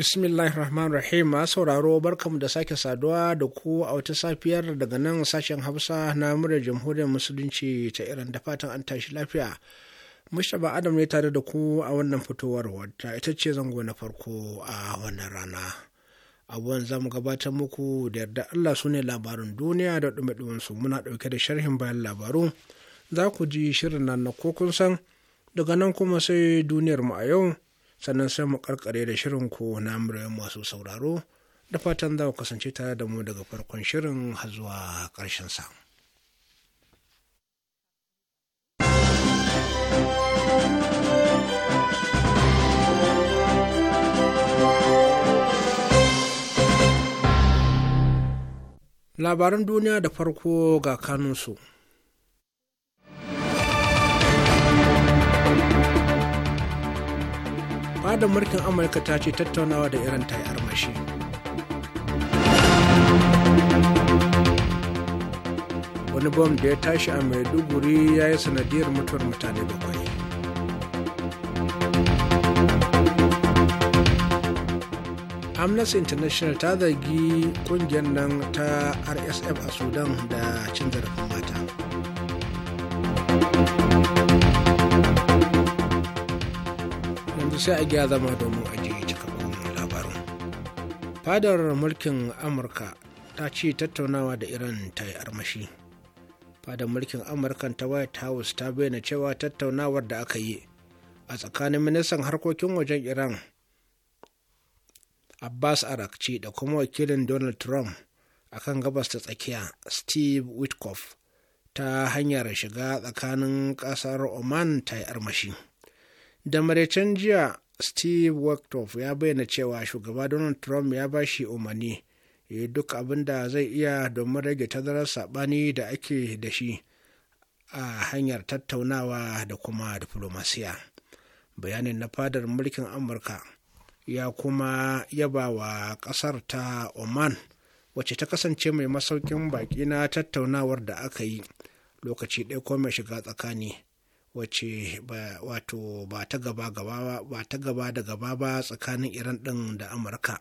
bismillahir rahmanir rahim sauraro barkamu da sake saduwa da ku a wata safiyar daga nan sashen hausa na murar jamhuriyar musulunci ta iran da fatan an tashi lafiya mustapha adam ne tare da ku a wannan fitowar wata ita ce zango na farko a wannan rana abubuwan zamu gabatar muku da yarda allah su ne labarin duniya da ɗume su muna ɗauke da sharhin bayan labaru za ku ji shirin nan na kun san daga nan kuma sai duniyar mu a yau sannan sai mu karkare da shirin ko na masu sauraro da fatan za ku kasance tare da mu daga farkon shirin har zuwa ƙarshen sa. Labaran duniya da farko ga kanunsu. fadar mulkin amurka ta ce tattaunawa da irin ta yi armashi wani bom da ya tashi a maiduguri ya yi sanadiyar mutuwar mutane bakwai amnesty international ta zargi kungiyar nan ta rsf a sudan da cin zarafin mata sai a gya zama domin ajiye cikakkun labarin fadar mulkin amurka ta ce tattaunawa da iran ta yi armashi fadar mulkin Amurka ta white house ta bayyana cewa tattaunawar da aka yi a tsakanin ministan harkokin wajen iran abbas arakci da kuma wakilin donald trump kan gabas ta tsakiya steve witkoff ta hanyar shiga tsakanin ƙasar oman ta yi armashi da maraicen jiya steve wachtoff ya bayyana cewa shugaba donald trump ya ba shi umarni ya duk abin da zai iya domin rage tazarar saɓani da ake da shi a hanyar tattaunawa da kuma diflomasiya bayanin na fadar mulkin amurka ya kuma yaba wa ƙasar ta oman wacce ta kasance mai masaukin baƙi na tattaunawar da aka yi lokaci ɗaya ko mai shiga tsakani wacce wato ba ta gaba gaba ba ta gaba da gaba ba tsakanin iran ɗin da amurka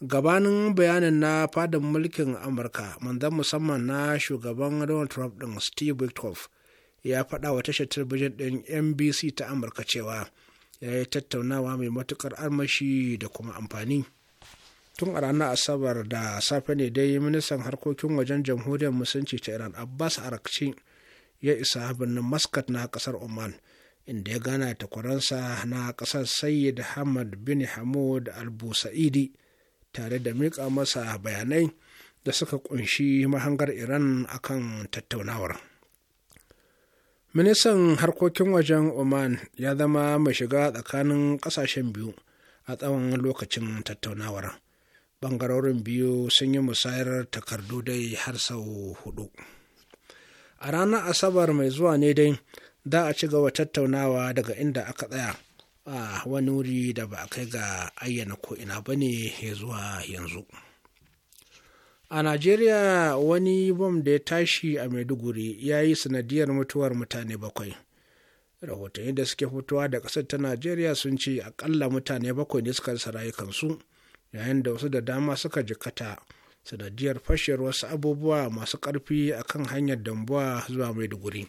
gabanin bayanin na fadin mulkin amurka manzan musamman na shugaban donald trump ɗin steve witkoff ya faɗa wa tashar talabijin ɗin nbc ta amurka cewa ya yi tattaunawa mai matukar armashi da kuma amfani tun a ranar asabar da safe ne dai ministan harkokin wajen jamhuriyar musulunci ta iran abbas arakci ya isa birnin Muscat na ƙasar Oman, inda ya gana takwaransa na ƙasar Sayyid Hamad bin Hamud al-Busa'idi tare da miƙa masa bayanai da suka ƙunshi mahangar Iran akan tattaunawar. Ministan harkokin wajen Oman ya zama mai shiga tsakanin ƙasashen biyu a tsawon lokacin tattaunawar. Ɓangarorin biyu sun yi musayar takardu dai har sau hudu. a ranar asabar mai zuwa ne dai za a ci gaba tattaunawa daga inda aka tsaya a wani wuri da ba a kai ga ayyana ko'ina ba ne zuwa yanzu a najeriya wani bom da ya tashi a maiduguri ya yi sanadiyar mutuwar mutane bakwai rahotanni da suke fitowa da ƙasar ta najeriya sun ce akalla mutane bakwai ne suka rasa rayukansu yayin da wasu da dama suka jikata sanadiyar fashewar wasu abubuwa masu ƙarfi a kan hanyar dambuwa zuwa maiduguri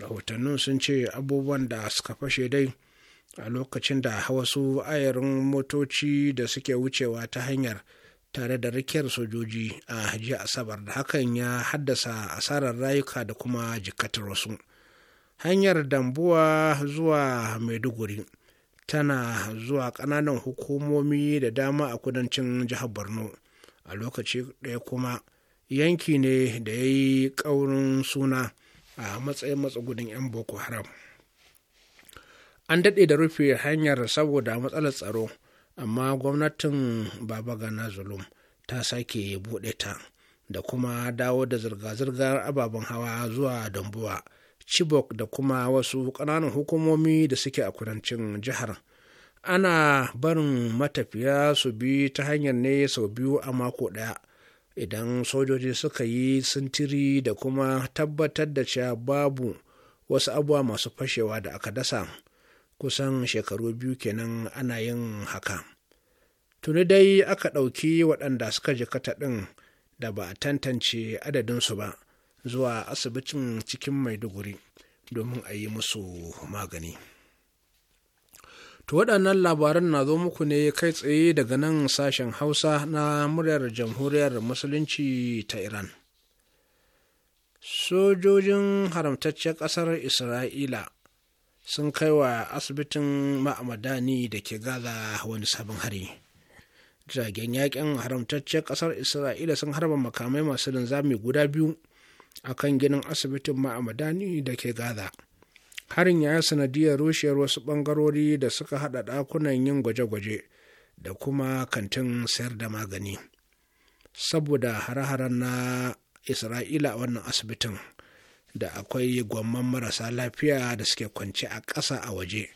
rahotannin sun ce abubuwan da suka fashe dai a lokacin da wasu ayarin motoci da suke wucewa ta hanyar tare da rikiyar sojoji a jiya asabar da hakan ya haddasa asarar rayuka da kuma jikatar wasu hanyar dambuwa zuwa maiduguri tana zuwa ƙananan hukumomi da dama a kudancin jihar borno a lokaci ɗaya kuma yanki ne da ya yi ƙaurin suna a matsayin matsugudin 'yan boko haram an daɗe da rufe hanyar saboda matsalar tsaro amma gwamnatin baba gana zulum ta sake buɗe ta da kuma dawo da zirga-zirgar ababen hawa zuwa dambuwa chibok da kuma wasu ƙananan hukumomi da suke a kudancin jihar ana barin matafiya su bi ta hanyar ne sau biyu a mako ɗaya idan sojoji suka yi sintiri da kuma tabbatar da cewa babu wasu abuwa masu fashewa da aka dasa kusan shekaru biyu kenan ana yin haka tuni dai aka ɗauki waɗanda suka jikata ɗin da ba a tantance adadinsu ba zuwa asibitin cikin maiduguri domin a yi musu magani. To waɗannan labaran na zo muku ne kai tsaye daga nan sashen Hausa na muryar jamhuriyar Musulunci ta Iran. Sojojin haramtaccen ƙasar Isra'ila sun kai wa asibitin ma'amadani da ke gaza wani sabon hari. Jiragen yakin haramtaccen ƙasar Isra'ila sun harba makamai masu linzami guda biyu a kan ginin asibitin ma'amadani da ke gaza. harin ya sanadiyar rushewar wasu ɓangarori da suka haɗa ɗakunan yin gwaje-gwaje da kuma kantin sayar da magani saboda hare-haren na isra'ila a wannan asibitin da akwai gwamman marasa lafiya da suke kwanci a ƙasa a waje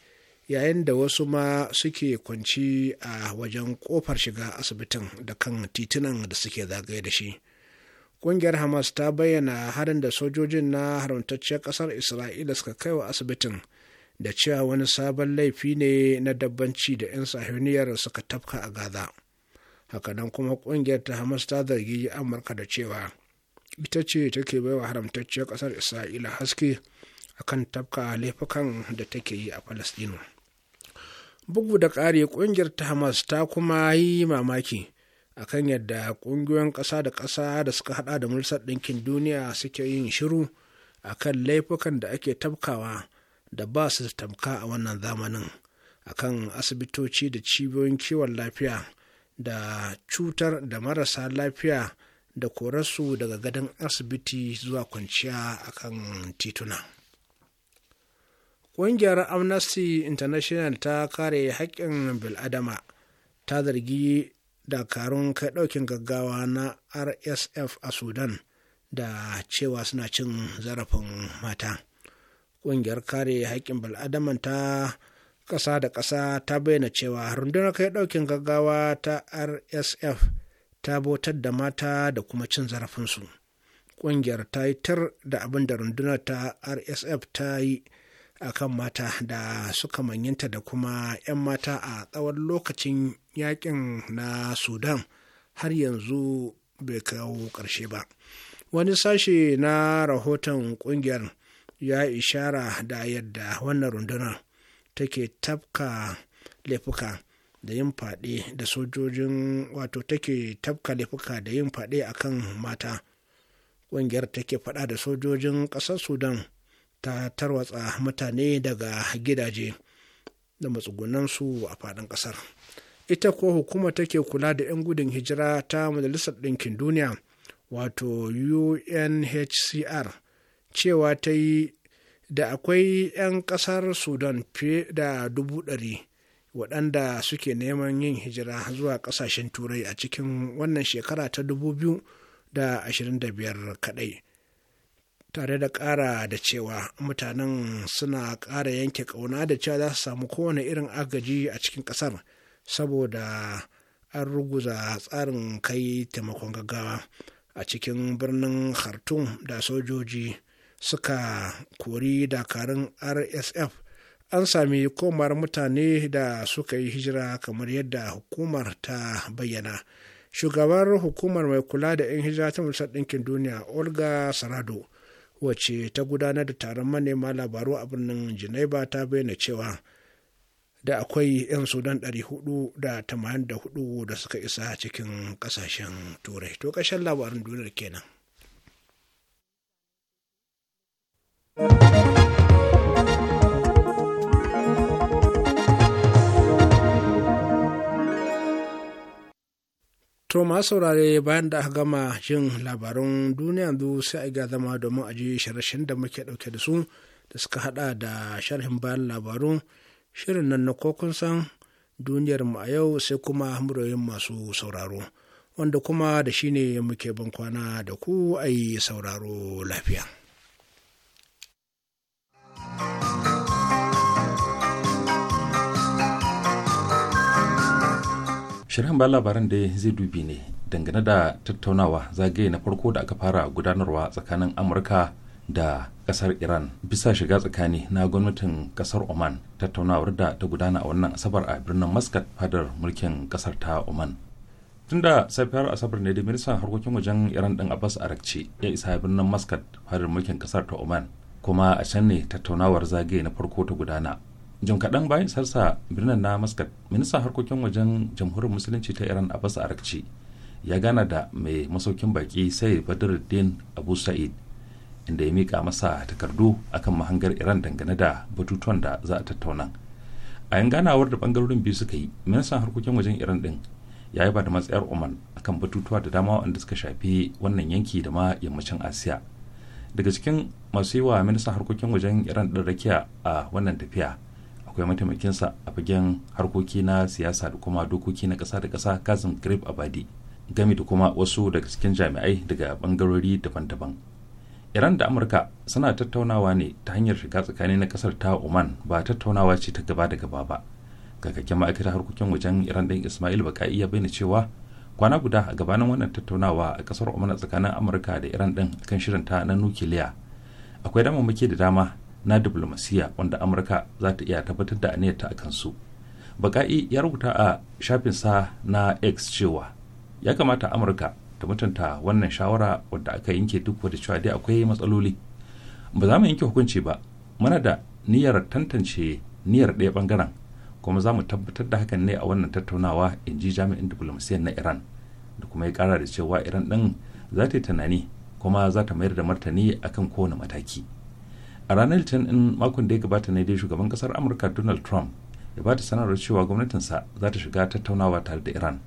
yayin da wasu ma suke kwanci a wajen ƙofar shiga asibitin da kan titunan da suke zagaye da shi Ƙungiyar Hamas ta bayyana harin da sojojin na haramtacciyar ƙasar Isra'ila suka kai wa asibitin da cewa wani sabon laifi ne na dabbanci da 'yan sahuniyar suka tafka a Gaza. Hakanan kuma ƙungiyar ta Hamas ta zargi Amurka da cewa ita ce take baiwa haramtacciyar ƙasar Isra'ila haske akan tafka laifukan da take yi a Falastinu. Bugu da ƙari ƙungiyar ta Hamas ta kuma yi mamaki akan yadda ƙungiyoyin ƙasa da ƙasa da suka hada da majalisar ɗinkin duniya suke yin shiru akan laifukan da ake tabkawa da ba su tamka a wannan zamanin akan asibitoci da cibiyoyin kiwon lafiya da cutar da marasa lafiya da korarsu daga gadon asibiti zuwa kwanciya akan tituna ƙungiyar amnesty international ta kare haƙƙin bil'adama ta zargi dakarun kai ɗaukin gaggawa na rsf a sudan da cewa suna cin zarafin mata ƙungiyar kare haƙƙin bal'adaman ta ƙasa da ƙasa ta bayyana cewa rundunar kai ɗaukin gaggawa ta rsf ta bautar da mata da kuma cin zarafinsu ƙungiyar ta yi tar da abin da rundunar ta rsf ta yi akan mata da suka manyanta da kuma 'yan mata a tsawon lokacin yakin na sudan har yanzu bai kawo ƙarshe ba wani sashe na rahoton ƙungiyar ya ishara da yadda wannan rundunar take tafka laifuka da yin fade da sojojin wato take tafka laifuka da yin faɗe akan mata ƙungiyar take faɗa da sojojin ƙasar sudan ta tarwatsa mutane daga gidaje da matsugunansu a faɗin ƙasar ita kuwa hukumar take kula da 'yan gudun hijira ta majalisar ɗinkin duniya wato unhcr cewa ta yi da akwai 'yan ƙasar sudan fiye da dubu ɗari waɗanda suke neman yin hijira zuwa ƙasashen turai a cikin wannan shekara ta dubu biyu da da ashirin biyar kaɗai tare da ƙara da cewa mutanen suna ƙara yanke ƙauna da cewa za su samu kowane irin agaji a cikin ƙasar saboda an ruguza tsarin kai taimakon gaggawa a cikin birnin khartoum da sojoji suka kori dakarun rsf an sami komar mutane da suka yi hijira kamar yadda hukumar ta bayyana shugabar hukumar mai kula da 'yan hijira ta musamman ɗinkin duniya olga sarado wacce ta gudanar da taron manema labaru a birnin Geneva ta bayyana cewa da akwai 'yan Sudan 484 da suka isa cikin kasashen Turai. To ƙarshen labarin duniyar kenan. To masu saurare bayan da aka gama jin labarun duniya yanzu sai a ga zama domin a ji shirashin da muke ɗauke da su da suka hada da sharhin bayan labarun, shirin nan na kokun san duniyar mu a yau sai kuma muryoyin masu sauraro wanda kuma da shine muke ban kwana da ku ai sauraro lafiya. shirin ba labaran da zai dubi ne dangane da tattaunawa zagaye na farko da aka fara gudanarwa tsakanin amurka da kasar iran bisa shiga tsakani na gwamnatin kasar oman tattaunawar da ta gudana a wannan asabar a birnin muscat fadar mulkin kasar ta oman tun da safiyar asabar ne da ministan harkokin wajen iran din abbas arakci ya isa birnin muscat fadar mulkin kasar ta oman kuma a can ne tattaunawar zagaye na farko ta gudana jim kaɗan bayan sarsa birnin na muscat ministan harkokin wajen jamhuriyar musulunci ta iran abbas arakci ya gana da mai masaukin baki sai badruddin abu sa'id inda ya mika masa takardu akan mahangar iran dangane da batutuwan da za a tattauna a yan ganawar da bangarorin biyu suka yi ministan harkokin wajen iran din ya yi ba da matsayar oman akan batutuwa da dama wanda suka shafi wannan yanki da ma yammacin asiya daga cikin masu yi wa ministan harkokin wajen iran din rakiya a wannan tafiya akwai mataimakinsa a fagen harkoki na siyasa da kuma dokoki na ƙasa da ƙasa kazim grip abadi gami da kuma wasu daga cikin jami'ai daga bangarori daban-daban iran da amurka suna tattaunawa ne ta hanyar shiga tsakani na kasar ta oman ba tattaunawa ce ta gaba da gaba ba kakakken ma'aikatar harkokin wajen iran ɗin ismail baka'i ya bayyana cewa kwana guda a gabanin wannan tattaunawa a kasar oman tsakanin amurka da iran ɗin kan shirin ta na nukiliya akwai damammaki da dama na diplomasiya wanda amurka za ta iya tabbatar da aniyarta a kansu baka'i ya rubuta a shafin sa na x cewa ya kamata amurka ta mutunta wannan shawara wadda aka yanke duk wadda cewa dai akwai matsaloli ba za mu yanke hukunci ba muna da niyyar tantance niyyar ɗaya bangaren kuma za mu tabbatar da hakan ne a wannan tattaunawa in ji jami'in diplomasiyyar na iran da kuma ya kara da cewa iran ɗin za ta yi tunani kuma za ta mayar da martani akan kowane mataki. a ranar litinin din makon da ya gabata ne dai shugaban kasar amurka donald trump ya ba ta sanarwar cewa gwamnatinsa za ta shiga tattaunawa tare da iran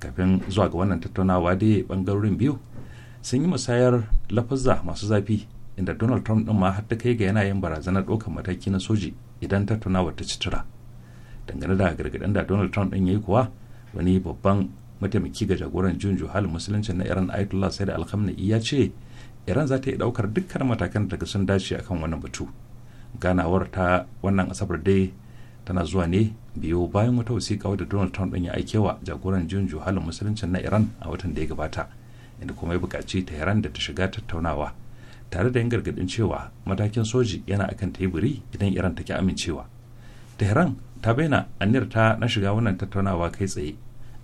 kafin zuwa ga wannan tattaunawa dai bangarorin biyu sun yi musayar lafazza masu zafi inda donald trump din ma har ta kai ga yanayin barazanar ɗaukar mataki na soji idan tattaunawa ta ci tura dangane da gargaɗin da donald trump din ya yi kuwa wani babban mataimaki ga jagoran juyin juhalin musulunci na iran ayatollah sai da alhamdulilayi ya ce iran za ta yi daukar dukkan matakan daga sun dace akan wannan batu ganawar ta wannan asabar dai tana zuwa ne biyo bayan wata wasiƙa wadda donald trump ɗin ya aikewa jagoran jin juhalin musuluncin na iran a watan da ya gabata inda kuma ya buƙaci tehran da ta shiga tattaunawa tare da yin gargaɗin cewa matakin soji yana akan teburi idan iran ta ki amincewa tehran ta bayyana aniyar ta na shiga wannan tattaunawa kai tsaye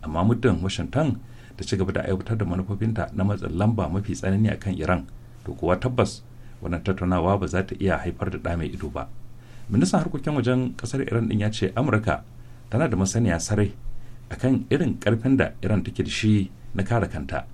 amma muddin washington ta ci gaba da aiwatar da manufofinta na matsin lamba mafi tsanani akan iran to kuwa tabbas wannan tattaunawa ba za ta iya haifar da ɗa mai ido ba ministan harkokin wajen ƙasar iran ɗin ya ce amurka tana da masaniya sarai akan irin karfin da iran take da shi na kare kanta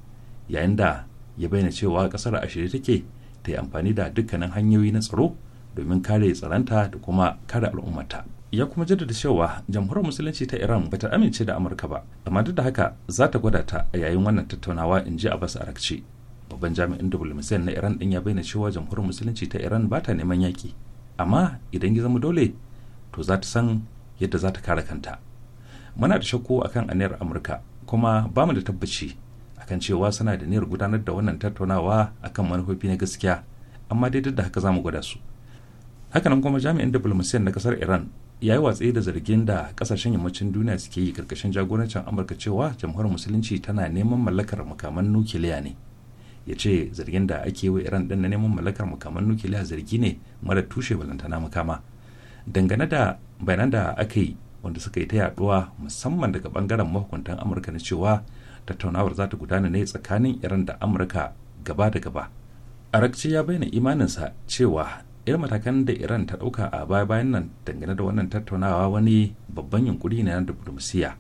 yayin da ya bayyana cewa ƙasar a shirye take ta yi amfani da dukkanin hanyoyi na tsaro domin kare tsaronta da kuma kare al'ummata. ya kuma jaddada cewa jamhuriyar musulunci ta iran ba ta amince da amurka ba amma duk da haka za ta gwada ta a yayin wannan tattaunawa in ji abbas arakci babban jami'in diplomasiyya na iran din ya bayyana cewa jamhuriyar musulunci ta iran ba ta neman yaki. amma idan ya zama dole to za ta san yadda za ta kare kanta muna da shakku akan aniyar amurka kuma ba mu da tabbaci akan cewa suna da niyyar gudanar da wannan tattaunawa akan manufofi na gaskiya amma dai duk da haka za mu gwada su hakanan kuma jami'in diplomasiyya na kasar iran ya yi watsi da zargin da kasashen yammacin duniya suke yi karkashin jagorancin amurka cewa jamhuriyar musulunci tana neman mallakar makaman nukiliya ne ya ce zargin da ake wa iran din na neman mallakar makaman nukiliya zargi ne mara tushe balantana makama dangane da bayanan da aka yi wanda suka yi ta yaduwa musamman daga bangaren mahukuntan amurka na cewa tattaunawar za ta gudana ne tsakanin iran da amurka gaba da gaba arakci ya bayyana imaninsa cewa irin matakan da iran ta dauka a baya bayan nan dangane da wannan tattaunawa wani babban yunkuri ne na diplomasiya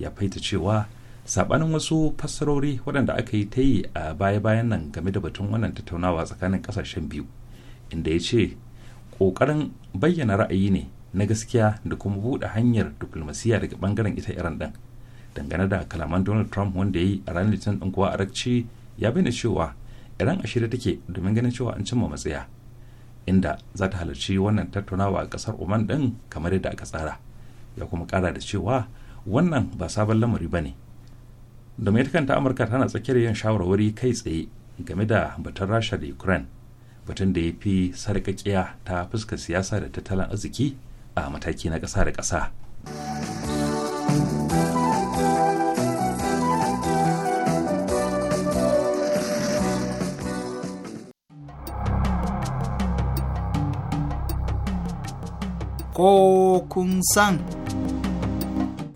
ya faita cewa sabanin wasu fassarori waɗanda aka yi ta yi a baya bayan nan game da batun wannan tattaunawa tsakanin kasashen biyu inda ya ce ƙoƙarin bayyana ra'ayi ne na gaskiya da kuma buɗe hanyar diplomasiya daga bangaren ita iran ɗin dangane da kalaman donald trump wanda ya yi a ranar litinin ɗin kuwa arakci ya bayyana cewa iran a shirya take domin ganin cewa an cimma matsaya inda za ta halarci wannan tattaunawa a kasar oman din kamar yadda aka tsara ya kuma kara da cewa wannan ba sabon lamari ba ne da mai kanta amurka tana tsakiyar yin shawarwari kai tsaye game da batun rasha da ukraine batun da ya fi sarƙaƙiya ta fuskar siyasa da tattalin arziki a mataki na ƙasa da ƙasa. ko kun san.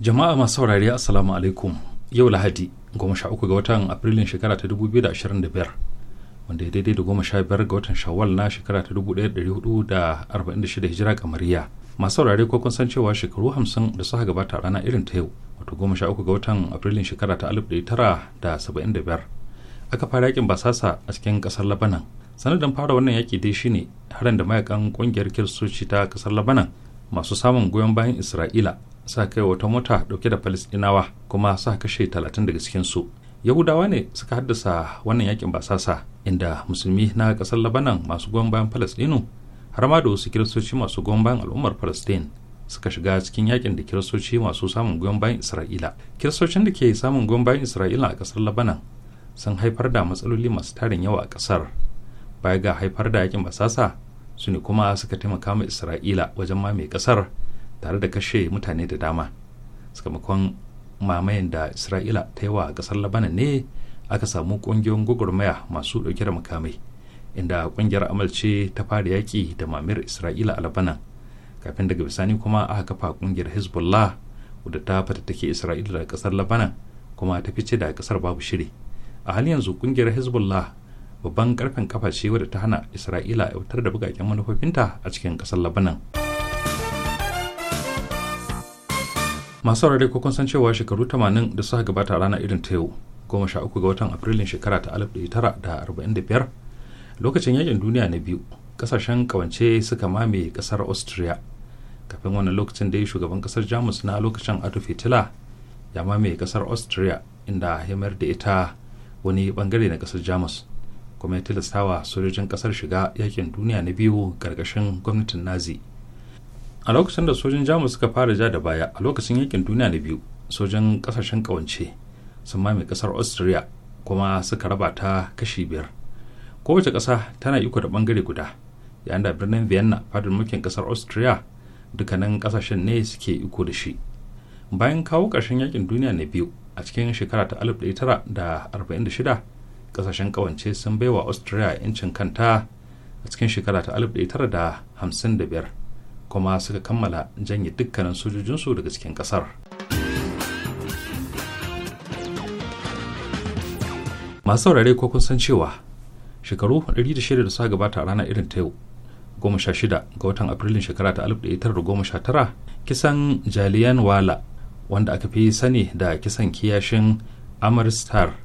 Jama'a masu saurari Assalamu alaikum yau Lahadi goma sha uku ga watan Afrilun shekara ta dubu biyu da ashirin da biyar wanda ya daidai da goma sha biyar ga watan Shawwal na shekara ta dubu ɗaya da ɗari hudu da arba'in da shida hijira kamariya. Masu saurari ko kun san cewa shekaru hamsin da suka gabata rana irin ta yau wato goma sha uku ga watan Afrilun shekara ta alif ɗaya tara da saba'in da biyar. Aka fara yakin basasa a cikin ƙasar Labanan. Sanadin fara wannan yaki dai shine harin da mayakan ƙungiyar kiristoci ta ƙasar Labanan masu samun goyon bayan isra'ila sa kai wata mota dauke da Falasɗinawa kuma sa kashe talatin daga cikinsu yahudawa ne suka haddasa wannan yakin basasa inda musulmi na kasar labanan masu goyon bayan falastinu har ma da wasu kiristoci masu goyon bayan al'ummar falastin suka shiga cikin yakin da kiristoci masu samun goyon bayan isra'ila kiristocin da ke samun goyon bayan isra'ila a kasar labanan sun haifar da matsaloli masu tarin yawa a kasar baya ga haifar da yakin basasa su ne kuma suka taimaka ma isra'ila wajen mame kasar tare da kashe mutane da dama sakamakon mamayen da isra'ila ta yi wa kasar labanan ne aka samu kungiyoyin gwagwarmaya masu ɗauke da makamai inda ƙungiyar amalce ta fara yaƙi da mamayar isra'ila a labanan kafin daga bisani kuma aka kafa ƙungiyar hezbollah wadda ta fatattake isra'ila da kasar labanan kuma ta fice da kasar babu shiri a halin yanzu ƙungiyar hezbollah babban karfin kafa ce wadda ta hana isra'ila wutar da bugaken manufofinta a cikin kasar labanan masu saurare ko kun san cewa shekaru 80 da suka gabata rana irin ta yau goma sha uku ga watan afrilun shekara ta 1945 lokacin yakin duniya na biyu kasashen kawance suka mame kasar austria kafin wannan lokacin da shugaban kasar jamus na lokacin adolf hitler ya mame kasar austria inda ya mayar da ita wani bangare na kasar jamus kuma ya tilastawa sojojin kasar shiga yakin duniya na biyu karkashin gwamnatin nazi a lokacin da sojin jamus suka fara ja da baya a lokacin yakin duniya na biyu sojin kasashen kawance sun mame kasar austria kuma suka raba ta kashi biyar kowace kasa tana iko da bangare guda yayin da birnin vienna fadar mulkin kasar austria dukkanin kasashen ne suke iko da shi bayan kawo ƙarshen yakin duniya na biyu a cikin shekara ta 1946 kasashen kawance sun bai wa australia incin kanta a cikin shekara ta 1955 kuma suka kammala janye dukkanin sojojinsu daga cikin kasar masu saurare ko kun san cewa shekaru 106 da suka gabata a rana irin ta yau 16 ga watan afrilun shekara ta 1919 kisan jaliyan wala wanda aka fi sani da kisan kiyashin amaristar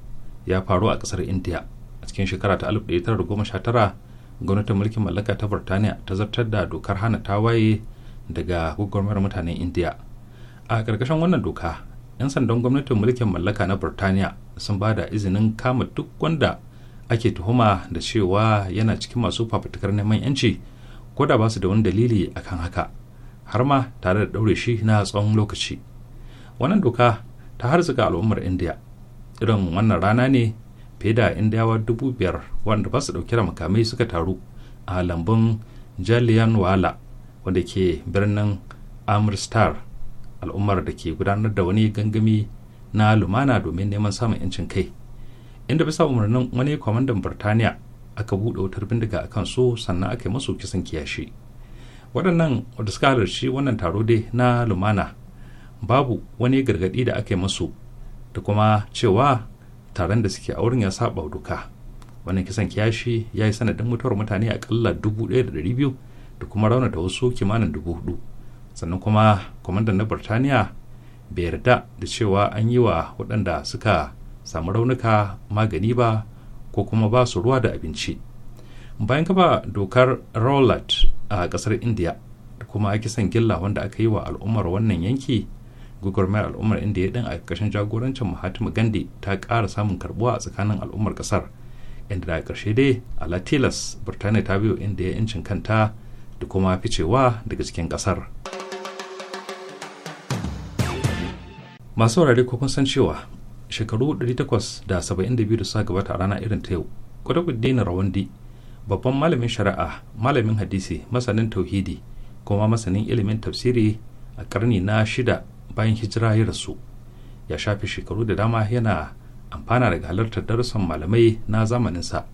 ya faru a kasar india a cikin shekara ta 1919 gwamnatin mulkin mallaka ta burtaniya ta zartar da dokar hana tawaye daga gwagwarmar mutanen india a karkashin wannan doka 'yan sandan gwamnatin mulkin mallaka na burtaniya sun ba da izinin kama duk wanda ake tuhuma da cewa yana cikin masu fafutukar neman 'yanci ko da ba su da wani dalili akan haka har ma tare da ɗaure shi na tsawon lokaci wannan doka ta harzuka al'ummar india irin wannan rana ne fiye da yawa dubu biyar wanda ba su dauki da makamai suka taru a lambun jaliyan wala wanda ke birnin amurstar al'ummar da ke gudanar da wani gangami na lumana domin neman samun 'yancin kai inda bisa umarnin wani kwamandan birtaniya aka buɗe wutar bindiga a kan su sannan aka yi masu kisan kiyashi waɗannan wadda suka halarci wannan taro dai na lumana babu wani gargaɗi da aka yi masu da kuma cewa taron da suke a wurin ya saba doka wannan kisan kiyashi ya yi sanadin mutuwar mutane akalla dubu ɗaya da ɗari biyu da kuma raunata wasu kimanin dubu hudu sannan kuma kwamandan na birtaniya bai yarda da cewa an yi wa waɗanda suka samu raunuka magani ba ko kuma ba su ruwa da abinci bayan kafa dokar rowlatt a ƙasar india da kuma kisan gilla wanda aka yi wa al'ummar wannan yanki gugurmayar al'ummar inda ya din a ƙarshen jagorancin mahatma gandhi ta ƙara samun karbuwa a tsakanin al'ummar ƙasar inda da ƙarshe dai a latilas birtaniya ta biyo inda ya incin kanta da kuma ficewa daga cikin ƙasar masu wurare ko san cewa shekaru 872 da suka gabata a rana irin ta yau kudubuddin rawandi babban malamin shari'a malamin hadisi masanin tauhidi kuma masanin ilimin tafsiri a karni na shida bayan hijira ya rasu ya shafi shekaru da dama yana amfana daga halartar darussan malamai na zamaninsa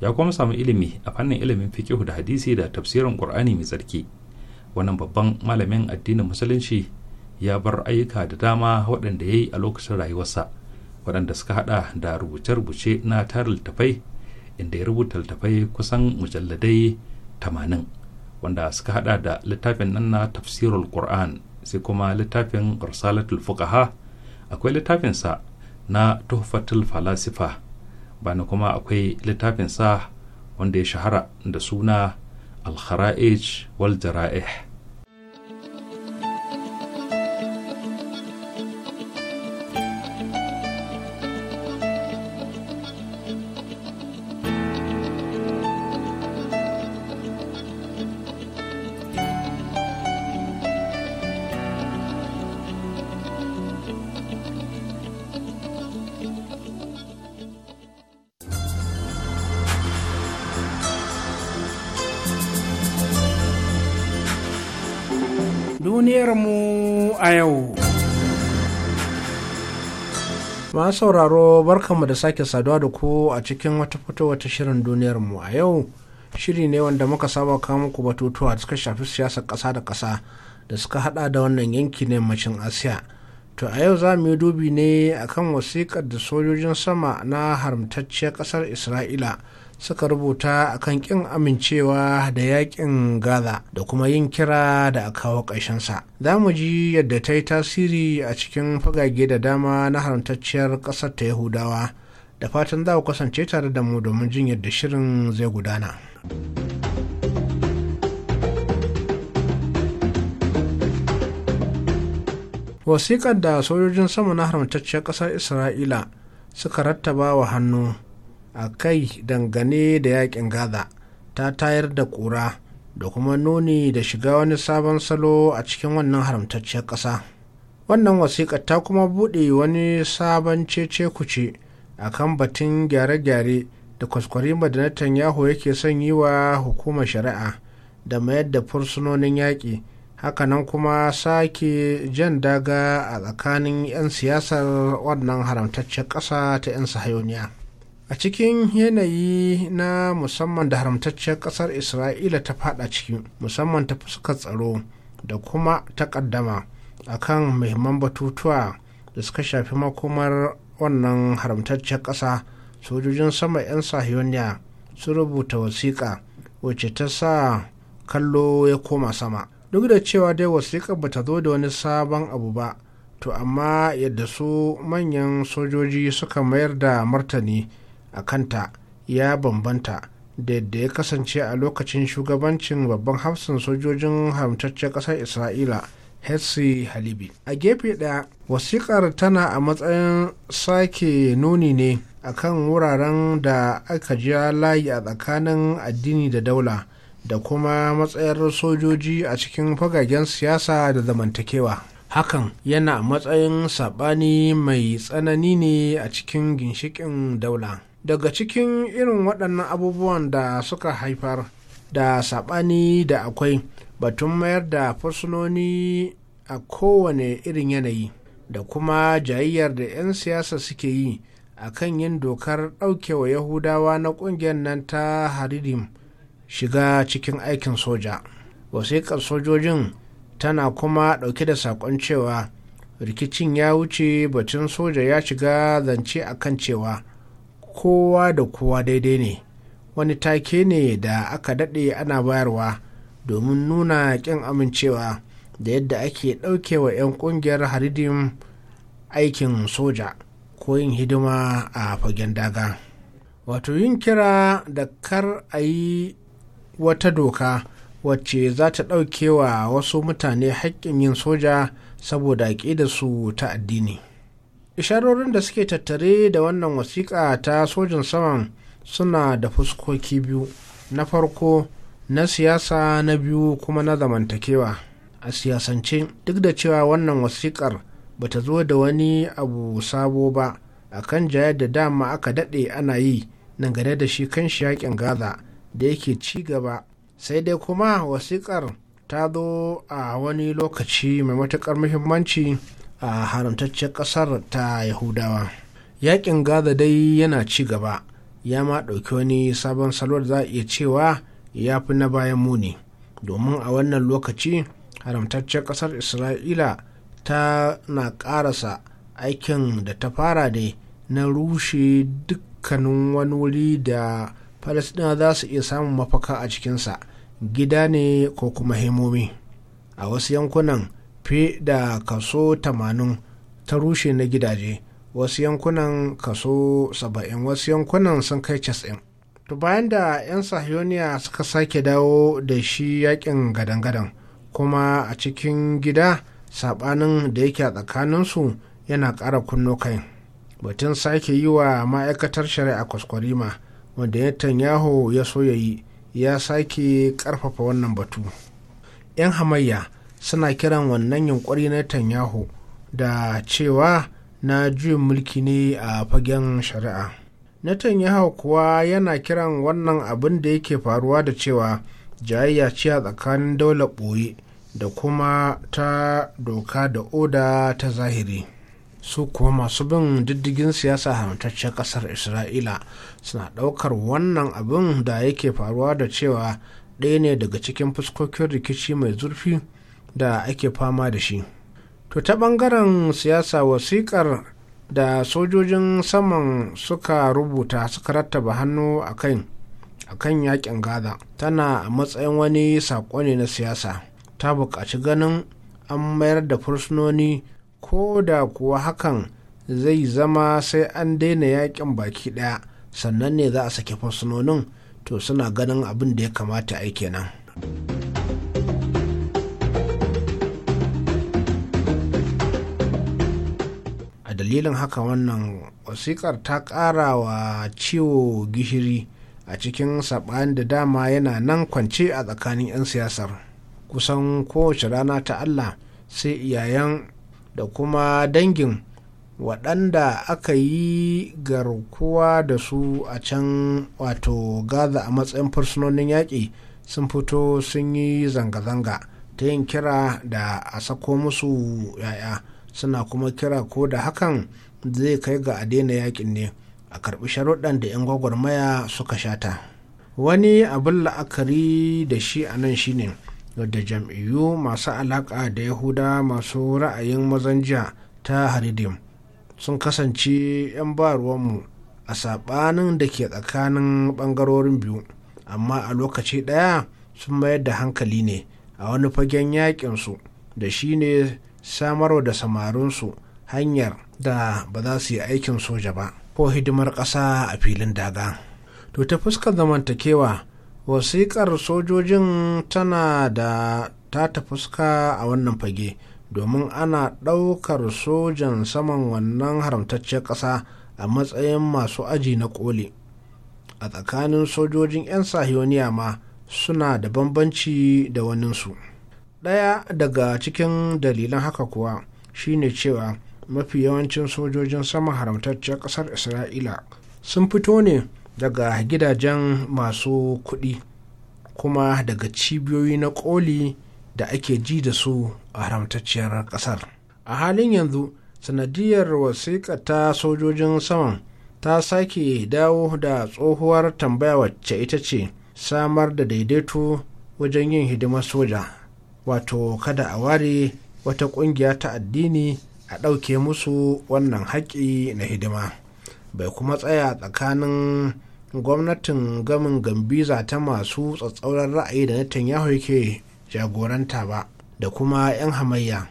ya kuma samu ilimi a fannin ilimin fikihu da hadisi da tafsirin qur'ani mai tsarki wannan babban malamin addinin musulunci ya bar ayyuka da dama waɗanda ya yi a lokacin rayuwarsa waɗanda suka haɗa da rubuce-rubuce na tarin littafai inda ya rubuta littafai kusan mujalladai 80 wanda suka haɗa da littafin nan na tafsirul qur'an sai kuma littafin risalatul fuqaha akwai littafinsa na tuhfatul falasifa bana kuma akwai littafinsa wanda ya shahara da suna al wal jara'ih duniyarmu a yau. Masu sauraro barkanmu da sake saduwa da ku a cikin wata fito wata shirin duniyarmu a yau. Shiri ne wanda muka saba kawo muku batutuwa da suka shafi siyasar ƙasa da ƙasa da suka hada da wannan yanki na yammacin Asiya. To a yau za mu yi dubi ne akan wasiƙar da sojojin sama na haramtacciyar ƙasar Isra'ila. suka rubuta a kan ƙin amincewa da yaƙin gaza da kuma yin kira da a kawo ƙashinsa. za mu ji yadda ta yi tasiri a cikin fagage da dama na haramtacciyar ƙasar ta yahudawa da fatan za ku kasance tare da mu domin jin yadda shirin zai gudana. wasiƙar da sojojin sama na haramtacciyar ƙasar isra'ila suka rattaba wa hannu a kai dangane da yakin gaza ta tayar da kura da kuma nuni da shiga wani sabon salo a cikin wannan haramtacciyar ƙasa wannan wasiƙa ta kuma buɗe wani sabon cece kuce a kan batun gyare-gyare da kwaskwarima madanatan yahoo yake son yi wa hukumar shari'a da mayar da fursunonin yaƙi hakanan kuma sake jan daga a tsakanin 'yan siyasar wannan haramtacciyar ƙasa ta 'yan sahayoniya. a cikin yanayi na musamman da haramtacciyar ƙasar isra'ila ta fada ciki musamman ta suka tsaro da kuma ta a kan muhimman batutuwa da suka shafi makomar wannan haramtacciyar ƙasa sojojin sama 'yan sahiyoniya su rubuta wasiƙa wacce ta sa kallo ya koma sama duk da cewa dai wasiƙa ba ta zo da wani sabon abu ba to amma yadda su manyan sojoji suka mayar da martani a kanta ya bambanta da yadda ya kasance a lokacin shugabancin babban hafsan sojojin hamtaccen ƙasar isra'ila hetsi halibi a gefe ɗaya wasiƙar tana a matsayin sake nuni ne a kan wuraren da aka ja layi a tsakanin addini da daula da kuma matsayar sojoji a cikin fagagen siyasa da zamantakewa hakan yana matsayin saɓani mai tsanani ne a cikin ginshiƙin daula daga cikin irin waɗannan abubuwan da suka haifar da saɓani da akwai batun mayar da fursunoni a kowane irin yanayi da kuma jayayyar da 'yan siyasa suke yi a kan yin dokar ɗaukewa yahudawa na ƙungiyar nan ta haririm shiga cikin aikin soja wasiƙar sojojin tana kuma ɗauke da saƙon cewa rikicin ya wuce batun soja ya shiga zance akan cewa kowa da kowa daidai ne wani take ne da aka daɗe ana bayarwa domin nuna ƙin amincewa da yadda ake ɗaukewa 'yan ƙungiyar haridim aikin soja ko yin hidima a fagen daga wato yin kira da kar a yi wata doka wacce za ta wa wasu mutane haƙƙin yin soja saboda su ta addini isharorin da suke tattare da wannan wasiƙa ta sojin saman suna da fuskoki biyu na farko na siyasa na biyu kuma na zamantakewa a siyasance duk da cewa wannan wasiƙar ba ta zo da wani abu sabo ba a kan jayar da dama aka daɗe ana yi nan gare da shi kan shi yakin gaza da yake ci gaba sai dai kuma wasiƙar ta zo a wani lokaci mai matuƙar muhimmanci a haramtaccen ƙasar ta yahudawa yakin gaza dai yana ci gaba ya ma ɗauki wani sabon salwar za a iya cewa ya fi na bayan muni domin a wannan lokaci haramtaccen ƙasar isra'ila ta na ƙarasa aikin da ta fara da na rushe dukkanin wani wuri da falasɗina za su iya samun mafaka a cikinsa gida ne ko kuma himomi, a wasu yankunan fiye da kaso 80 ta rushe na gidaje wasu yankunan kaso 70 wasu yankunan sun kai 90 to bayan da 'yan sahiyoniya suka sake dawo da shi yakin gadan-gadan kuma a cikin gida sabanin da yake a tsakaninsu yana ƙara kunno kai batun sake yi wa ma'aikatar shari'a kwaskwarima wanda netanyahu ya so ya yi ya sake ƙarfafa wannan batu 'yan hamayya suna kiran wannan yunkuri na tanyahu da cewa na juyin mulki ne a fagen shari'a netanyahu kuwa yana kiran wannan abin da yake faruwa da cewa jayayya ce a tsakanin daula ɓoye da kuma ta doka da oda ta zahiri su kuma masu bin diddigin siyasa haramtaccen ƙasar isra'ila suna ɗaukar wannan abin da yake faruwa da cewa ɗaya ne daga cikin fuskokin rikici mai zurfi da ake fama da shi to ta ɓangaren siyasa wasikar da sojojin saman suka rubuta suka rattaba hannu a kan yaƙin yakin gaza tana a matsayin wani saƙo ne na siyasa ta buƙaci ganin an mayar da fursunoni ko da kuwa hakan zai zama sai an daina yakin baki ɗaya sannan ne za a sake fursunonin to suna ganin abin da ya kamata ai kenan. dalilin haka wannan wasikar ta kara wa ciwo gishiri a cikin saɓani da dama yana nan kwance a tsakanin 'yan siyasar kusan kowace rana ta allah sai iyayen da kuma dangin waɗanda aka yi garkuwa da su a can wato gaza a matsayin fursunonin yaƙi sun fito sun yi zanga-zanga ta yin kira da a sako musu yaya. suna kuma kira ko da hakan zai kai ga a daina yakin ne a karbi sharuɗan da 'yan gwagwarmaya suka shata wani abin la'akari da shi a nan shine da jam'iyyu masu alaƙa da yahuda masu ra'ayin mazan jiya ta haridim sun kasance 'yan baruwanmu a saɓanin da ke tsakanin ɓangarorin biyu amma a lokaci ɗaya sun mayar da hankali ne a wani fagen yaƙinsu da shi ne samarwa da samarinsu hanyar da ba za su yi aikin soja ba ko hidimar ƙasa a filin daga to ta fuskar zamantakewa wasiƙar sojojin tana da ta ta fuska a wannan fage domin ana ɗaukar sojan saman wannan haramtacciyar ƙasa a matsayin masu aji na ƙoli a tsakanin sojojin 'yan sahiyoniya ma suna da bambanci da waninsu. ɗaya daga cikin dalilan haka kuwa shine cewa mafi yawancin sojojin sama haramtacciyar ƙasar isra'ila sun fito ne daga gidajen masu kuɗi kuma daga cibiyoyi na ƙoli da ake ji da su a haramtacciyar ƙasar a halin yanzu sanadiyar wasiƙa ta sojojin saman ta sake dawo da tsohuwar tambaya wacce ita ce samar da daidaito wajen yin hidimar soja wato kada a ware wata ƙungiya ta addini a ɗauke musu wannan haƙƙi na hidima bai kuma tsaya tsakanin gwamnatin gamin gambiza ta masu tsatsauran ra'ayi da ya ke jagoranta ba da kuma 'yan hamayya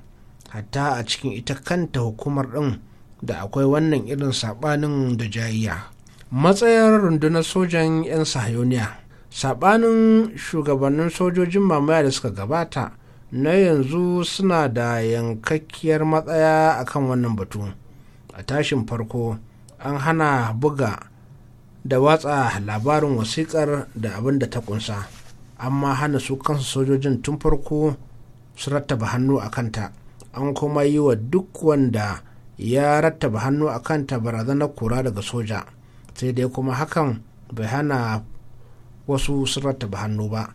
hatta a cikin ita kanta hukumar ɗin da akwai wannan irin saɓanin da jayayya matsayar rundunar sojan 'yan sahayoniya saɓanin shugabannin sojojin mamaya da suka gabata na yanzu suna da yankakkiyar matsaya akan wannan batu a tashin farko an hana buga da watsa labarin wasiƙar da abin da ta kunsa amma hana su kansu sojojin tun farko su rattaba hannu a kanta an kuma yi wa duk wanda ya rattaba hannu a kanta barazanar kura daga soja sai dai kuma hakan bai hana wasu sun rattaba hannu ba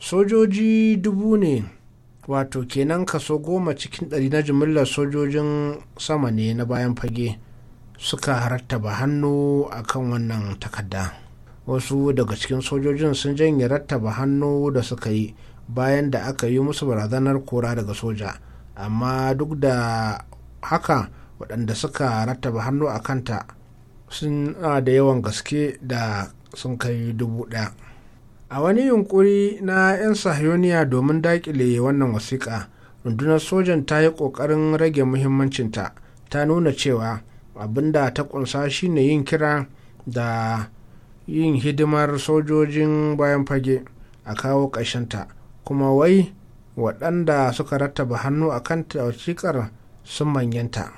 sojoji dubu ne wato kenan kaso goma cikin ɗari na jimillar sojojin sama ne na bayan fage suka rattaba hannu a kan wannan takarda wasu daga cikin sojojin sun janye rattaba hannu da suka yi bayan da aka yi musu barazanar kora daga soja amma duk da haka waɗanda suka rattaba hannu a kanta suna ah, da yawan gaske da sun kai dubu ɗaya a wani yunkuri na 'yan sahiyoniya domin daƙile wannan wasiƙa rundunar sojan ta yi ƙoƙarin rage muhimmancinta ta nuna cewa abin da ta ƙunsa shine yin kira da yin hidimar sojojin bayan fage a kawo ƙashinta kuma wai waɗanda suka rattaba hannu a kan wasiƙar sun manyanta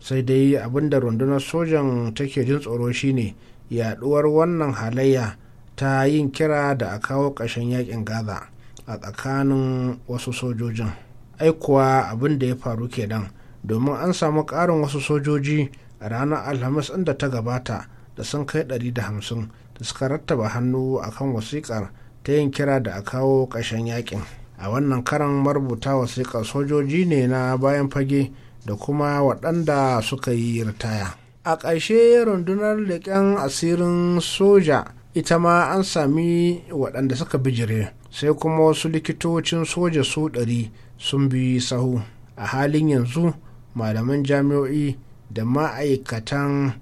sai dai abin da rundunar sojan take jin tsoro shine yaɗuwar wannan halayya ta yin kira da a kawo ƙarshen yakin gaza a tsakanin wasu sojojin aikuwa abin da ya faru kenan domin an samu ƙarin wasu sojoji a ranar alhamis inda ta gabata da sun kai 150 da suka rattaba hannu a kan wasiƙar ta yin kira da a kawo ƙarshen yakin a wannan karan marubuta wasiƙar sojoji ne na bayan fage da kuma waɗanda suka yi ritaya a ƙarshe rundunar leƙen asirin soja ita ma an sami waɗanda suka bijire sai kuma wasu likitocin soja su ɗari sun bi sahu a halin yanzu malaman jami'o'i da ma'aikatan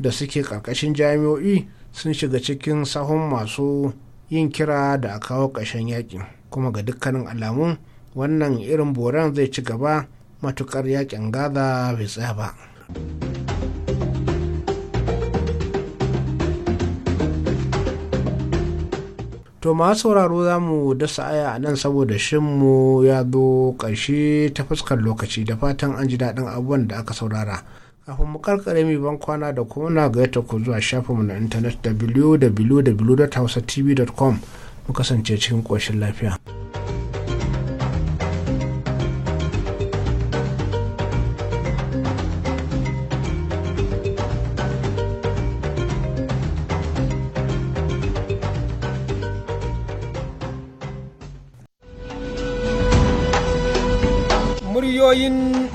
da suke ƙarƙashin jami'o'i sun shiga cikin sahun masu yin kira da a kawo ƙarshen yaƙi kuma ga dukkanin alamu wannan irin boran zai ci gaba matukar yaƙin gaza bai tsaya ba. to ma sauraro za mu dasa aya a nan saboda shinmu ya zo ƙarshe ta fuskar lokaci da fatan an ji daɗin abubuwan da aka saurara kafin mu karkare mai ban kwana da kuma na gayyata ku zuwa shafinmu na intanet www.hausatv.com mu kasance cikin ƙoshin lafiya.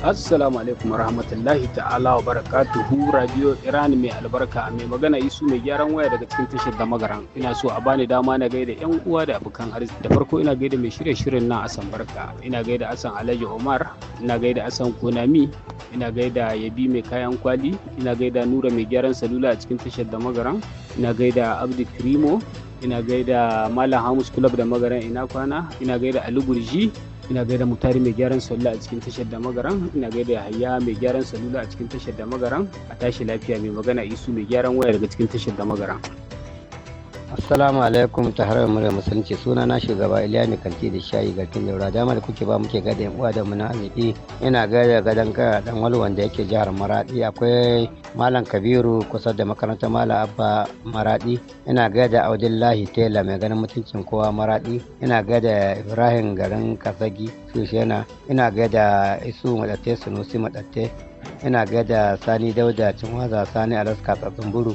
Assalamu alaikum rahmatullahi ta'ala wa barakatu. Hu Radio Iran mai albarka mai magana isu mai gyaran waya daga cikin tashar da magaran ina so a bani dama na gaida yan uwa da abokan arziki da farko ina gaida mai shirye shirin na Asan Barka ina gaida Asan Alhaji Omar ina gaida Asan Konami ina gaida Yabi mai kayan kwali ina gaida Nura mai gyaran salula a cikin tashar da magaran ina gaida Abdi Krimo ina gaida Malam Hamus Club da magaran ina kwana ina gaida Ali Gurji ina gaida mutari mai gyaran salula a cikin tashar da magaran ina gaida yahaya mai gyaran salula a cikin tashar da magaran a tashi lafiya mai magana isu mai gyaran waya daga cikin tashar da magaran Assalamu alaikum ta harar murya musulunci suna na shugaba Iliya mai kanti da shayi garkin laura dama da kuke ba muke gada yan uwa da muna arziki ina gada gadon kaya dan wani wanda yake jihar Maradi akwai Malam Kabiru kusa da makarantar Malam Abba Maradi ina gada Audillahi Tela mai ganin mutuncin kowa Maradi ina gada Ibrahim garin Kasagi Shushena ina gada Isu Madatte Sunusi Madatte ina gada Sani Dauda Cinwaza Sani Alaska Tsatsun Buru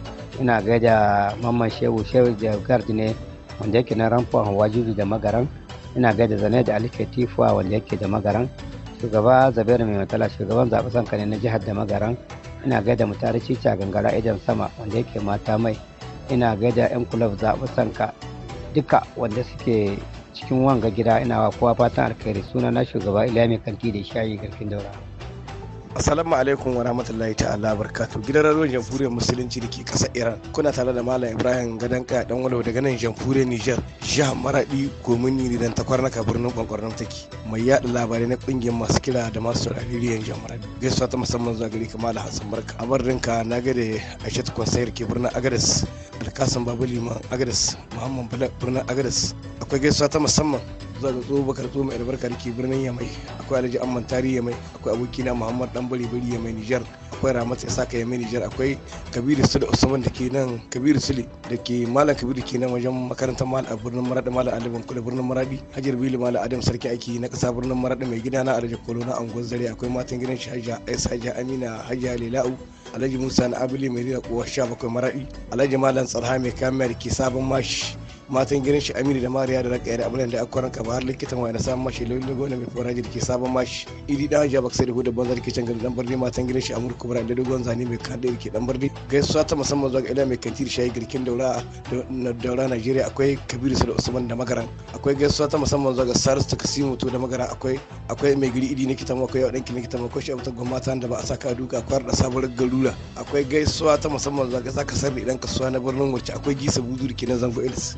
ina gaida mamman shehu shehu da gard ne wanda yake na ramfon wajibi da magaran ina gaida zane da a wanda yake da magaran shugaba zabera mai matala shugaban zaɓe sanka ne na jihar da magaran ina gaida mutare cica gangara idan sama wanda yake mata mai ina gaida yan kulaf zaɓe sanka duka wanda suke cikin wanga gida ina wa kowa fatan alkhairi suna na shugaba ilami kanti da shayi garkin daura. Assalamu alaikum wa rahmatullahi ta'ala barkatu. Gidan radio Jamhuriyar Musulunci da ke ƙasar Iran. Kuna tare da Malam Ibrahim Gadanka dan walau daga nan Jamhuriyar Niger. Jihar Maradi Gomini dan takwar ka birnin ta take. Mai yaɗa labarai na ƙungiyar masu kira da masu saurari riyan Jamhuriyar Maradi. Gaisuwa ta musamman zuwa gari kamar Hassan Barka. A barinka na gade Aishat Kwansayar ke birnin Agadas. Alkasan Babu Liman Agadas. Muhammad Bala birnin Agadas. Akwai gaisuwa ta musamman zuwa ga tsohon bakar tsohon mai albarka da ke birnin Yamai. Akwai Alhaji Amman Tari Yamai. Akwai abokina Muhammad dan bari bari ya mai Nijar akwai Ramat Saka ya mai Nijar akwai Kabiru Sule Usman da ke nan Kabiru Sule da ke Malam Kabiru ke nan wajen makarantar Mal a birnin Maradi Malam Alibin Kula birnin Maradi Hajar Bili Malam Adam Sarki aiki na kasa birnin Maradi mai gida na Alhaji Kolo na Angon Zare akwai matan gidan shi Hajja Aisha eh, Hajja Amina Hajja Lela'u Alhaji Musa na Abili mai rina kowa 17 Maradi Alhaji Malam Tsarha mai kamar ke sabon mashi matan girin shi amiri da mariya da raka da abulan da akwaran kama har likitan wani samun mashi lauyin gona mai fara da sabon mashi idi dan ja baksa da hudu banzar kicin gari dan birni matan girin shi amurka kubra da dogon zane mai kada da ke dan birni gaisuwa ta musamman zuwa ga ila mai kanti da shayi girkin daura daura najeriya akwai kabiru su da usman da magaran akwai gaisuwa ta musamman zuwa ga sars ta kasimu to da magaran akwai akwai mai giri idi nikitan mu akwai yawadanki nikitan mu akwai shi abuta gwamnatan da ba a saka duka akwai da sabuwar garura akwai gaisuwa ta musamman zuwa ga saka sarri idan kasuwa na birnin wacce akwai gisa budu da ke na zango ilis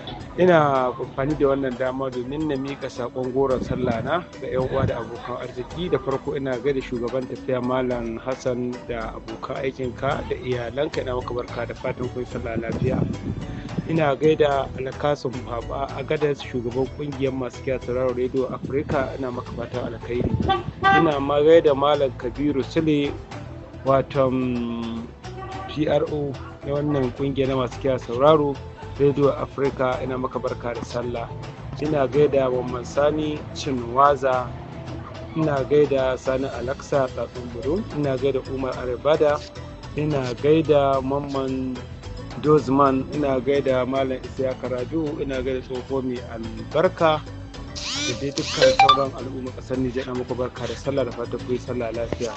ina amfani da wannan dama domin na mika sakon goron sallah na ga yan uwa da abokan arziki da farko ina gaida shugaban tafiya malam hassan da abokan aikinka da iyalanka ina maka barka da fatan kun sallah lafiya ina gaida alkasun baba a gadar shugaban kungiyar masu kiya sauraron radio afirka ina maka fatan alkhairi ina ma gaida malam kabiru sule waton pro na wannan kungiyar masu kiya sauraro radio africa ina maka barka da sallah ina gaida wa sani cinwaza ina gaida sani alaksa tsatsun buru ina gaida umar arabada ina gaida mamman dozman ina gaida malam isiyaka rabiu ina gaida tsoho mai albarka da dai dukkan sauran al'umma kasar nijar na muku barka da sallah da fata kuyi sallah lafiya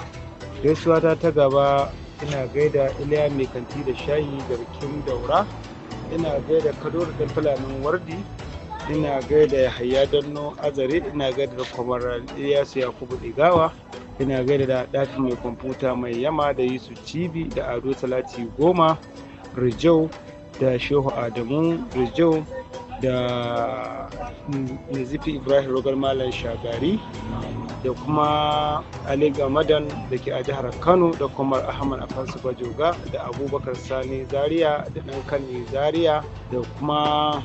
gaisuwa ta ta gaba ina gaida iliya mai kanti da shayi garkin daura ina gaida kaduru da fulanin wardi ina gaida yahaya danno azare ina gaida kwamar iyasu kubu digawa ina gaida da ɗakin mai kwamfuta mai yama da yusu cibi da ado salati goma rijau da shehu adamu rijau da nizifi ibrahim rogar malam shagari da kuma ali gamadan da ke a jihar kano da kuma ahmad afansu bajoga da abubakar sani zaria da ɗan kani zaria da kuma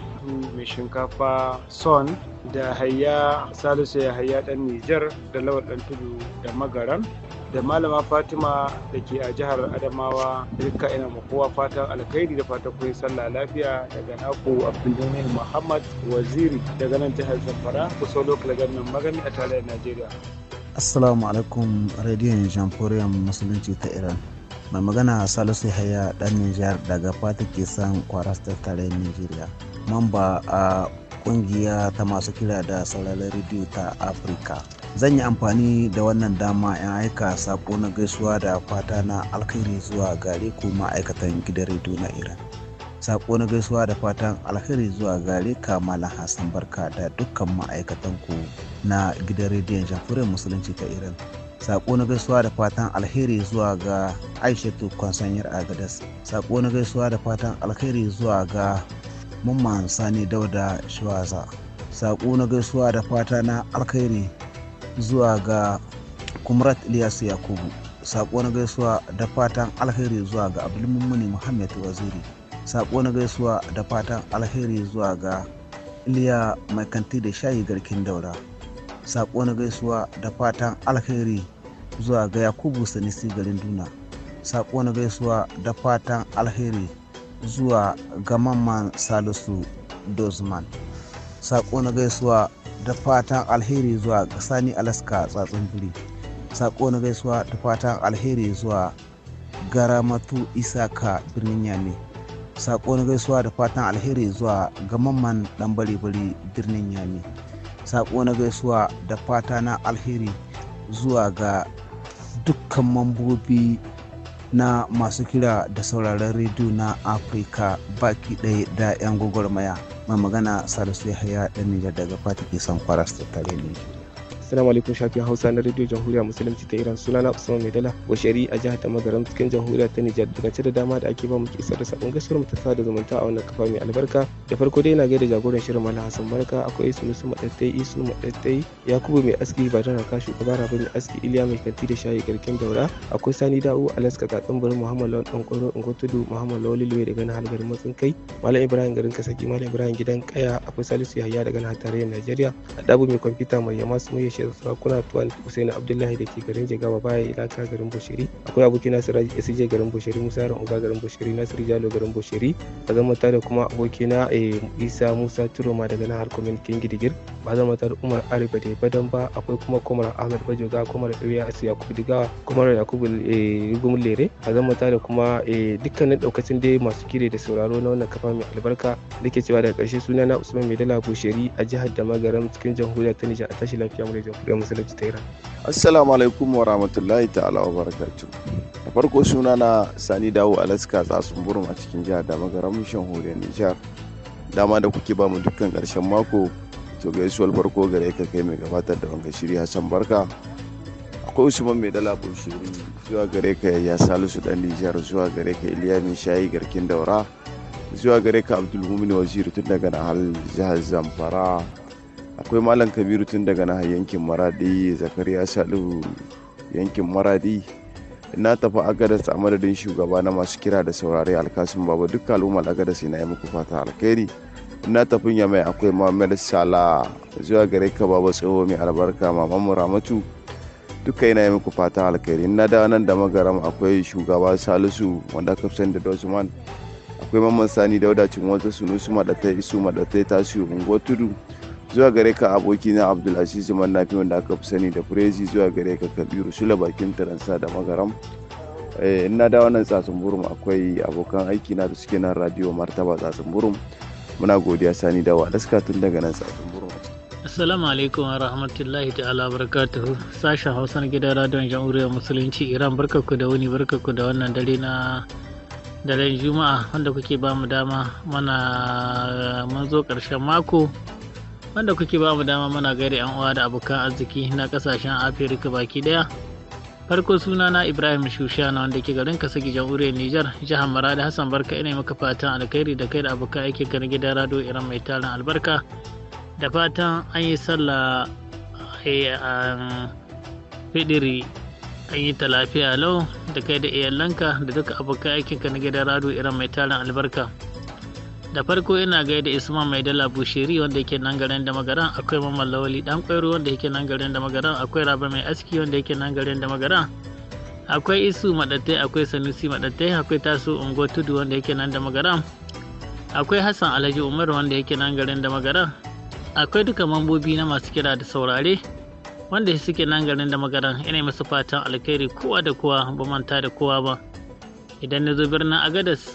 mai shinkafa son da hayya salisu ya hayya dan nijar da lawal dan tudu da magaran da malama fatima da ke a jihar adamawa rika ina kowa fatan alkhairi da fatan kun sallah lafiya daga naku abdulmumin muhammad waziri daga nan jihar zamfara kusa lokal gannan magani a tarayyar najeriya assalamu alaikum radiyon jamhuriyar musulunci ta iran mai magana salisu haya dan nijar daga fatan ke san kwaras ta tarayyar nigeria mamba a kungiya ta masu kira da sauraron rediyo ta afirka zan yi amfani da wannan dama in aika sako na gaisuwa da fata na alkhairi zuwa gare ku ma'aikatan gidan rediyo na iran sako na gaisuwa da fatan alkhairi zuwa gare ka malam hassan barka da dukkan ma'aikatan ku na gidan rediyon jamhuriyar musulunci ta iran sako na gaisuwa da fatan alheri zuwa ga aishatu kwansanyar agadas sako na gaisuwa da fatan alheri zuwa ga mamman sani dauda shiwaza saƙo na gaisuwa da fata na alkhairi zuwa ga kumrat ilyasu yakubu saƙo na gaisuwa da fatan alkhairi zuwa ga abdulmumuni muhammad waziri saƙo na gaisuwa da fatan alkhairi zuwa ga iliya mai kanti da shayi garkin daura saƙo na gaisuwa da fatan alkhairi zuwa ga yakubu sanisi garin duna saƙo na gaisuwa da fatan alheri zuwa ga mamman salisu dozman sako na gaisuwa da fatan alheri zuwa ga sani alaska tsatsin biri sako na gaisuwa da fatan alheri zuwa garamatu isaka birnin yame sako na gaisuwa da fatan alheri zuwa ga mamman dan bari-bari birnin yami sako na gaisuwa da fata na alheri zuwa ga dukkan mambobi na masu kira da sauraron rediyo na afirka baki ɗaya da 'yan gwagwarmaya mai magana salisu yahaya ɗan nijar daga fata ke son kwaras tattare ne Assalamu alaikum shafin Hausa na Radio Jamhuriya Musulunci ta Iran suna sunana Usman dala Bashari a jihar Tamagaram cikin Jamhuriya ta Nijar daga da dama da ake ba mu isar da sabon gaskiyar mu ta da zumunta a wannan kafa mai albarka da farko dai ina gaida jagoran shirin Malam Hassan Barka akwai Isu Musu madaddai Isu madaddai Yakubu mai aski ba da raka shugaba Rabi mai aski Iliya mai kanti da shayi garkin daura akwai Sani Da'u Alaska Katsin Birnin Muhammad Lawan Dan Kwaro tudu Muhammad Lawal Lilwe daga nan halgarin matsin kai Malam Ibrahim garin Kasaki Malam Ibrahim gidan Kaya akwai Salisu Yahaya daga nan tarayyar Najeriya dabu mai kwamfuta mai yama su kungiyar sarakuna tuwan Usaini Abdullahi da ke garin Jigawa baya ilaka garin Bushiri akwai abokina Siraji SJ garin Bushiri Musa Yaron Uga garin Bushiri Nasiru Jalo garin Bushiri ba zan manta da kuma abokina eh, Isa Musa Turoma daga har Kwamin King Gidigir ba zan manta da Umar Arifa da Badan ba akwai kuma Komar Ahmed Bajoga Kwamar Ɗauya Asu Yakubu Digawa Kwamar Yakubu Rigum eh, Lere ba zan manta da kuma eh, dukkanin daukacin dai masu kire da sauraro na wannan kafa mai albarka da ke cewa daga ƙarshe suna na Usman Maidala Bushiri a jihar Damagaram cikin jamhuriyar ta Nijar a tashi lafiya mu da jamhuriyar musulunci ta iran assalamu alaikum wa rahmatullahi ta'ala wa barakatu da farko suna na sani dawo alaska tsatsun burum a cikin jihar da shan horiyar nijar dama da kuke ba mu dukkan karshen mako to gaisuwar farko gare ka kai mai gabatar da wanga shiri hassan barka akwai usman mai dala bushiri zuwa gare ka ya salisu dan nijar zuwa gare ka iliya shayi garkin daura zuwa gare ka abdulmumin waziri tun daga hal jihar zamfara akwai malam kabiru tun daga na yankin maradi zakariya salihu yankin maradi na tafi agadas a madadin shugaba na masu kira da saurari alkasun baba duk al'ummar agadas na yi muku fata alkhairi na tafi ya mai akwai mamar sala zuwa gare ka baba tsoho mai albarka maman Muramatu. ramatu duka yana yi muku fata alkhairi na da nan da magaram akwai shugaba salisu wanda aka fi da dozman akwai mamman sani dauda cin wata sunusu madatai isu madatai tasiri Unguwar, tudu zuwa gare ka abokina abdulaziz mannafi wanda aka fi sani da furezi zuwa gare ka kabiru shula bakin taransa da magaram eh, ina na nan tsatsun burum akwai abokan aiki na da suke nan radio martaba tsatsun burum muna godiya sani da wadaska tun daga nan tsatsun burum Assalamu alaikum wa rahmatullahi ta'ala barakatuhu sashen hausa na gidan radiyon jamhuriyar musulunci Iran barkaku da wuni barkaku da wannan dare na daren juma'a wanda kuke ba mu dama mana mun zo ƙarshen mako wanda kuke ba mu dama muna gari yan uwa da abokan arziki na kasashen afirka baki daya farko suna na ibrahim shushana wanda ke garin kasa gijan ure nijar jihar maradi hassan barka ina maka fatan alkhairi da kai da abokan aiki garin gidan rado iran mai tarin albarka da fatan an yi sallah eh, a fidiri an yi ta lafiya lau da kai da iyalanka da duka abokan aikinka na gidan rado iran mai tarin albarka da farko ina gaida isma mai dala bushiri wanda yake nan garin da magaran akwai mamman lawali dan kwairu wanda yake nan garin da magaran akwai raba mai aski wanda yake nan garin da magaran akwai isu madatai akwai sanusi madatai akwai taso ungo tudu wanda yake nan da magaran akwai hassan alhaji umar wanda yake nan garin da magaran akwai duka mambobi na masu kira da saurare wanda suke nan garin da magaran ina masu fatan alkhairi kowa da kowa ba manta da kowa ba idan na zo birnin agadas